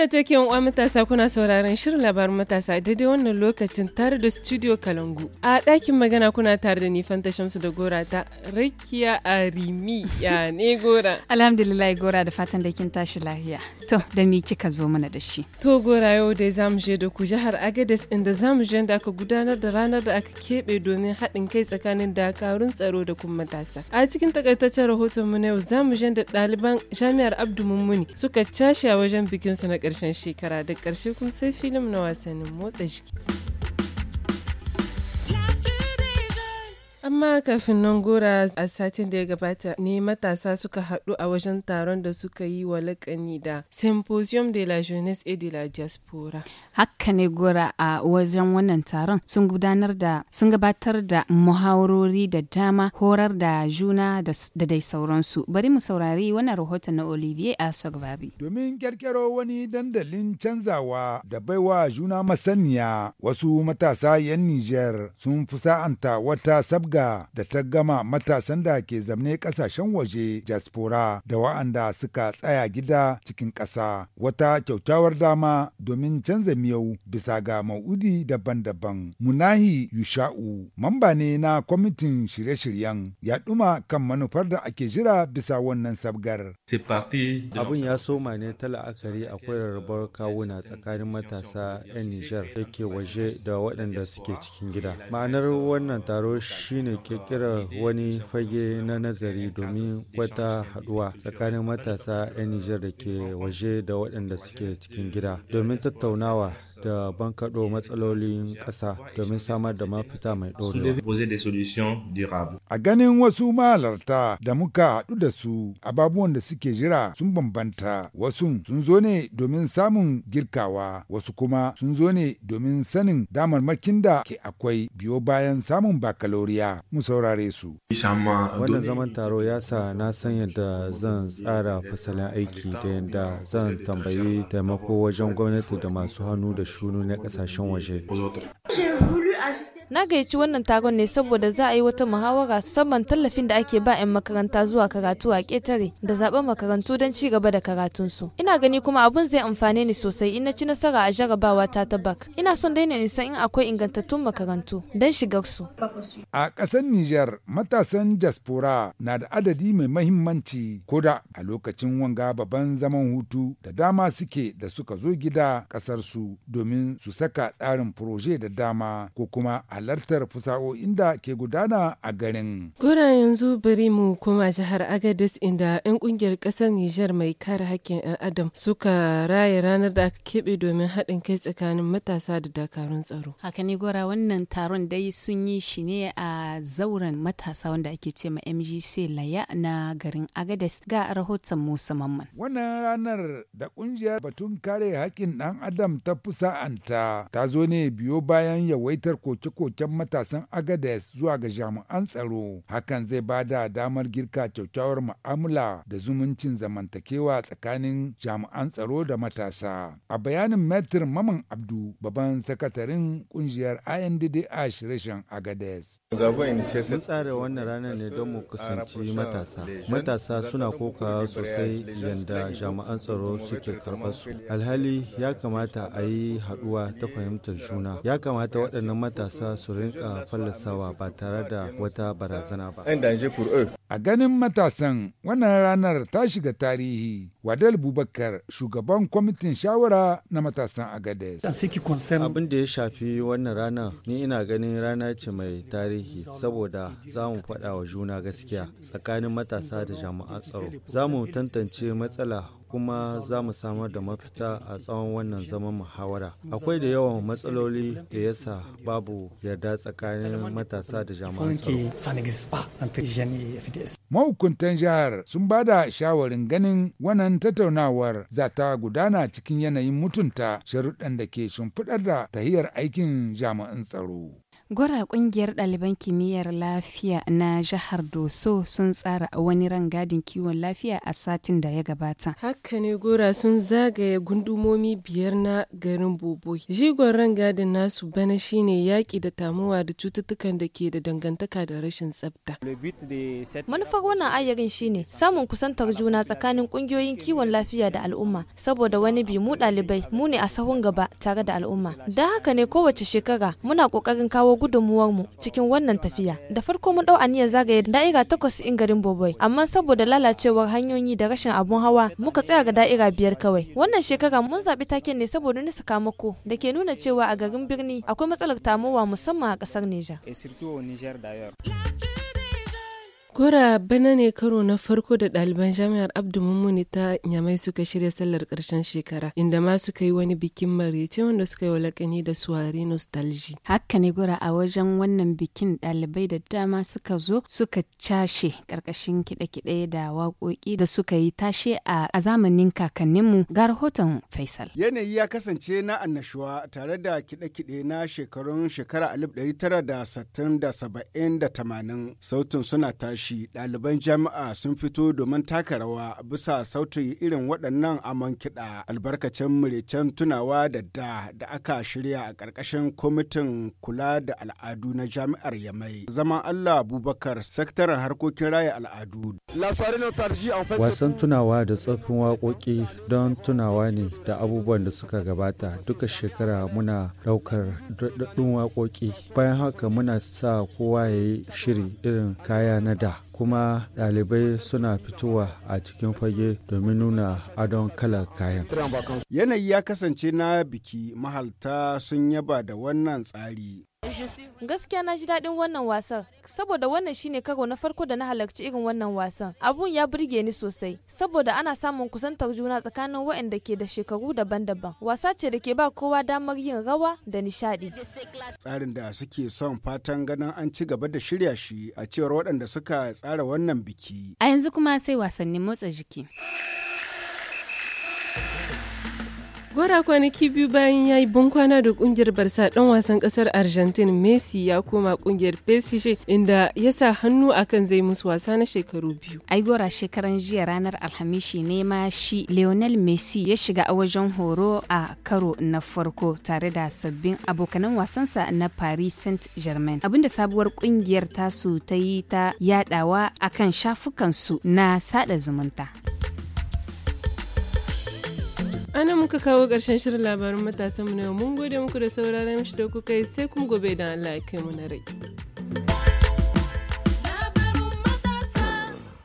Haka take yan matasa kuna sauraron shirin labarin matasa daidai wannan lokacin tare da studio Kalangu. A ɗakin magana kuna tare da ni Fanta Shamsu da Gora ta Rakiya rimi ya ne Gora. Alhamdulillah Gora da fatan da kin tashi lahiya. To da me kika zo mana da shi? To Gora yau dai zamu je da ku jihar Agadez inda zamu je da aka gudanar da ranar da aka keɓe domin haɗin kai tsakanin dakarun tsaro da kuma matasa. A cikin takaitaccen rahoton mu na yau zamu je da ɗaliban Jami'ar Abdu Mummuni suka tashi a wajen bikin su na karshen shekara da ƙarshe kuma sai filim na wasannin motsa jiki. Amma kafin nan gora a satin da ya gabata ne matasa suka haɗu a wajen taron da suka yi wa lakani da Symposium de la Jeunesse et de la Diaspora. Haka ne gora a wajen wannan taron sun gudanar da sun gabatar da muhawarori da dama horar da juna da dai sauransu. Bari mu saurari wannan rahoton na Olivier Asogbabi. Domin kirkiro wani dandalin canzawa da baiwa juna masaniya wasu matasa 'yan Nijar sun fusa'anta wata sabga zanga da ta gama matasan da ke zamne kasashen waje jaspora da wa'anda suka tsaya gida cikin ƙasa wata kyautawar dama domin canza miyau bisa ga ma'udi daban-daban. Munahi Yusha'u, mamba ne na kwamitin shirye-shiryen ya ɗuma kan manufar da ake jira bisa wannan sabgar. Abin ya soma ne ta la'akari akwai rarrabar kawuna tsakanin matasa 'yan Nijar da ke waje da waɗanda suke cikin gida. Ma'anar wannan taro shine ke kirkirar wani fage na nazari domin wata haduwa tsakanin matasa 'yan Nijar da ke waje da waɗanda suke cikin gida domin tattaunawa da bankaɗo matsalolin ƙasa domin samar da mafita mai ɗorewa. A ganin wasu mahalarta da muka haɗu da su ababuwan da suke jira sun bambanta wasu sun zo ne domin samun girkawa wasu kuma sun zo ne domin sanin damarmakin da ke akwai biyo bayan samun bakaloriya. mu saurare su. Wannan zaman taro ya sa na san yadda zan tsara fasalin aiki da yadda zan tambayi taimako wajen gwamnati da masu hannu da shunu na kasashen waje. Na gayyaci wannan taron ne saboda za a yi wata muhawara saman tallafin da ake ba 'yan makaranta zuwa karatu a ƙetare da zaɓen makarantu don ci gaba da karatunsu. Ina gani kuma abun zai amfane ni sosai in na ci nasara a jarabawa ta ta bak. Ina son daina nisan in akwai ingantattun makarantu don shigar su. A ƙasar Nijar matasan jaspora na da adadi mai mahimmanci da a lokacin wanga babban zaman hutu da dama suke da suka zo gida su domin su saka tsarin proje da dama ko kuma a halartar fusa'o'in da ke gudana a garin. Gora yanzu bari mu kuma jihar Agadez inda 'yan kungiyar ƙasar Nijar mai kare haƙƙin 'yan Adam suka raye ranar da aka keɓe domin haɗin kai tsakanin matasa da dakarun tsaro. Haka ne gora wannan taron dai sun yi shi ne a zauren matasa wanda ake ce ma MGC Laya na garin Agadez ga rahoton Musa Mamman. Wannan ranar da kungiyar batun kare haƙƙin ɗan Adam ta fusa'anta ta zo ne biyo bayan yawaitar koke-koke koke matasan Agades zuwa ga jami'an tsaro. Hakan zai ba da damar girka kyaukyawar mu'amala da zumuncin zamantakewa tsakanin jami'an tsaro da matasa. A bayanin metr Maman Abdu, babban sakatarin kungiyar a reshen Agades. Mun tsara wannan ranar ne don mu kusanci matasa. Matasa suna koka sosai yadda jami'an tsaro suke karɓa su. Alhali ya kamata a yi haɗuwa ta fahimtar juna. Ya kamata waɗannan matasa su rinka fallasawa ba tare da wata barazana ba A ganin matasan wannan ranar ta shiga tarihi, Wadal Bubakar shugaban kwamitin shawara na matasan Agades. Abin da ya shafi wannan rana ni ina ganin rana ce mai tarihi saboda za mu faɗa wa juna gaskiya tsakanin matasa da jama'a tsaro. Za mu tantance matsala kuma za mu samar da mafita a tsawon wannan zaman muhawara akwai da yawan matsaloli da yasa babu yarda tsakanin matasa da jami'an tsaro Agadez. Mahukuntan jihar sun ba da shawarin ganin wannan tattaunawar za ta gudana cikin yanayin mutunta sharuɗan da ke shimfiɗar da tahiyar aikin jami'an tsaro. Gwara ƙungiyar ɗaliban kimiyyar lafiya na jihar Doso sun tsara wani rangadin kiwon lafiya a satin da ya gabata. Haka ne gora sun zagaye gundumomi biyar na garin Bobo. Jigon rangadin nasu bana shine yaƙi da tamuwa da cututtukan da ke da dangantaka da rashin tsafta. Manufar wannan ayyarin shine samun kusantar juna tsakanin ƙungiyoyin kiwon lafiya da al'umma saboda wani bi mu ɗalibai mu ne a sahun gaba tare da al'umma. Da haka ne kowace shekara muna ƙoƙarin kawo mu cikin wannan tafiya. Da farko mun dau aniyar zagaye da'ira takwas in garin Boboi, amma saboda lalacewar hanyoyi da rashin abun hawa muka tsaya ga da'ira biyar kawai. Wannan shekara mun zaɓi taken ne saboda ni sakamako da ke nuna cewa a garin birni akwai matsalar tamowa musamman a ƙasar niger. Gora bana ne karo na farko da ɗaliban jami'ar Abdu Mummuni ta Nyamai suka shirya sallar ƙarshen shekara, inda ma suka yi wani bikin maraice wanda suka yi walakani da suwari nostalji. Haka ne gora a wajen wannan bikin ɗalibai da dama suka zo suka cashe ƙarƙashin kiɗe-kiɗe da waƙoƙi da suka yi tashe a zamanin kakanninmu ga rahoton Faisal. Yanayi ya kasance na annashuwa tare da kiɗe-kiɗe na shekarun shekara alif ɗari tara da sittin da saba'in da tamanin sautin suna tashi. shi ɗaliban jami'a sun fito domin taka rawa bisa sautin irin waɗannan amon kiɗa albarkacin murecen tunawa da da da aka shirya a ƙarƙashin kwamitin kula da al'adu na jami'ar yamai zaman allah abubakar sektaran harkokin raya al'adu wasan tunawa da tsoffin waƙoƙi don tunawa ne da abubuwan da suka gabata duka shekara muna ɗaukar daɗaɗɗun waƙoƙi bayan haka muna sa kowa ya yi shiri irin kaya na da da kuma ɗalibai suna fitowa a cikin fage domin nuna adon kalar kayan. Yanayi ya kasance na biki mahalta sun yaba da wannan tsari Gaskiya na ji daɗin wannan wasan saboda wannan shine karo na farko da na halarci irin wannan wasan. Abun ya burge ni sosai saboda ana samun kusantar juna tsakanin waɗanda ke da shekaru daban-daban. Wasa ce da ke ba kowa damar yin rawa da nishaɗi. Tsarin da suke son fatan ganin an ci gaba da shirya shi a cewar waɗanda suka tsara wannan biki. A yanzu kuma sai wasannin motsa jiki. Bara kwanaki biyu bayan ya yi bankwana da kungiyar Barsa dan wasan kasar argentina Messi ya koma kungiyar PSG inda ya sa hannu akan zai musu wasa na shekaru biyu. Aigora shekaran jiya ranar Alhamishi ne ma shi Lionel Messi ya shiga a wajen horo a karo na farko tare da sabbin abokanan wasansa na Paris Saint-Germain. Abinda sabuwar kungiyar tasu ta yi ta yadawa akan shafukansu na sada zumunta. ana muka kawo ƙarshen shirin labarin matasanmu na yau mun gode muku da sauraron shi da kuka yi sai kuma gobe da Allah ya kai mu na rai